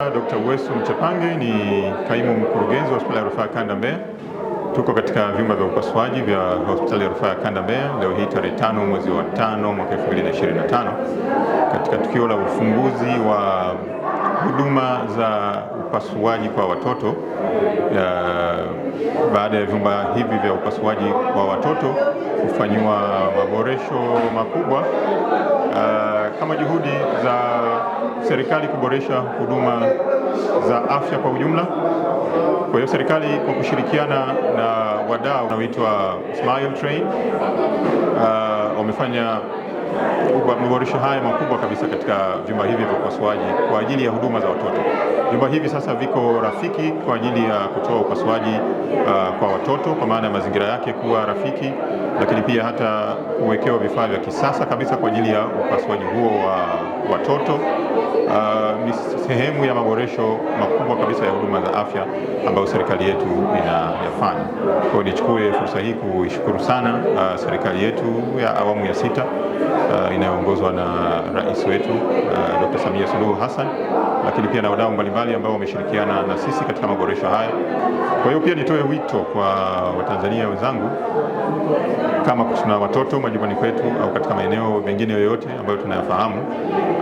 dr wesu Mchepange ni kaimu mkurugenzi wa hospitali ya rufaa kanda Mbeya. Tuko katika vyumba vya upasuaji vya hospitali ya rufaa ya kanda Mbeya leo hii tarehe tano mwezi wa tano mwaka 2025 katika tukio la ufunguzi wa huduma za upasuaji kwa watoto ya, baada ya vyumba hivi vya upasuaji kwa watoto kufanyiwa maboresho makubwa uh, kama juhudi za serikali kuboresha huduma za afya kwa ujumla. Kwa hiyo serikali kwa kushirikiana na wadau wanaoitwa Smile Train wamefanya uh, maboresho haya makubwa kabisa katika vyumba hivi vya upasuaji kwa ajili ya huduma za watoto. Vyumba hivi sasa viko rafiki kwa ajili ya kutoa upasuaji uh, kwa watoto kwa maana ya mazingira yake kuwa rafiki, lakini pia hata kuwekewa vifaa vya kisasa kabisa kwa ajili ya upasuaji huo wa watoto. Uh, ni sehemu ya maboresho makubwa kabisa ya huduma za afya ambayo serikali yetu inayafanya. Kwa hiyo nichukue fursa hii kuishukuru sana uh, serikali yetu ya awamu ya sita uh, inayoongozwa na rais wetu uh, Dr. Samia Suluhu Hassan, lakini pia na wadau mbalimbali ambao wameshirikiana na sisi katika maboresho haya. Kwa hiyo pia nitoe wito kwa Watanzania wenzangu, kama tuna watoto majumbani kwetu au katika maeneo mengine yoyote ambayo tunayafahamu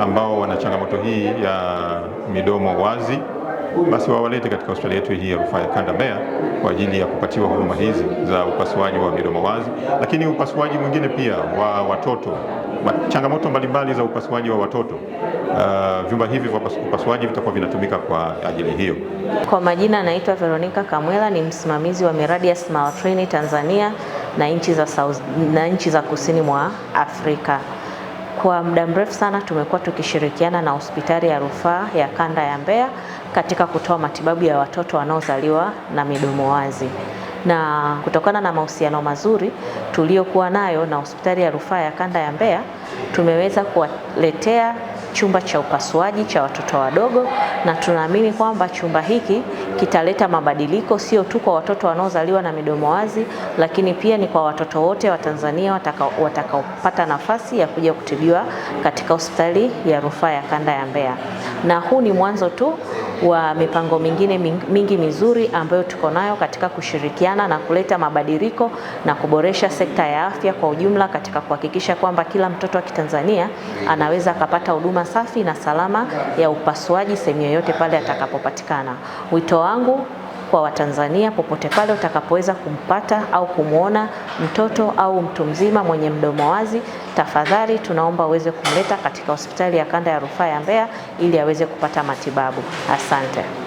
ambao wana changamoto hii ya midomo wazi basi wawalete katika hospitali yetu hii ya rufaa ya kanda Mbeya kwa ajili ya kupatiwa huduma hizi za upasuaji wa midomo wazi, lakini upasuaji mwingine pia wa watoto, changamoto mbalimbali za upasuaji wa watoto. Uh, vyumba hivi vya upasuaji vitakuwa vinatumika kwa ajili hiyo. Kwa majina anaitwa Veronica Kamwela, ni msimamizi wa miradi ya Train Tanzania na nchi za South, na nchi za kusini mwa Afrika. Kwa muda mrefu sana tumekuwa tukishirikiana na hospitali ya rufaa ya kanda ya Mbeya katika kutoa matibabu ya watoto wanaozaliwa na midomo wazi na kutokana na mahusiano mazuri tuliyokuwa nayo na hospitali ya rufaa ya kanda ya Mbeya, tumeweza kuwaletea chumba cha upasuaji cha watoto wadogo, na tunaamini kwamba chumba hiki kitaleta mabadiliko sio tu kwa watoto wanaozaliwa na midomo wazi, lakini pia ni kwa watoto wote wa Tanzania watakaopata wataka nafasi ya kuja kutibiwa katika hospitali ya rufaa ya kanda ya Mbeya, na huu ni mwanzo tu wa mipango mingine mingi mizuri ambayo tuko nayo katika kushirikiana na kuleta mabadiliko na kuboresha sekta ya afya kwa ujumla katika kuhakikisha kwamba kila mtoto wa Kitanzania anaweza akapata huduma safi na salama ya upasuaji sehemu yoyote pale atakapopatikana. Wito wangu kwa Watanzania popote pale utakapoweza kumpata au kumwona mtoto au mtu mzima mwenye mdomo wazi, tafadhali tunaomba uweze kumleta katika hospitali ya kanda ya rufaa ya Mbeya ili aweze kupata matibabu. Asante.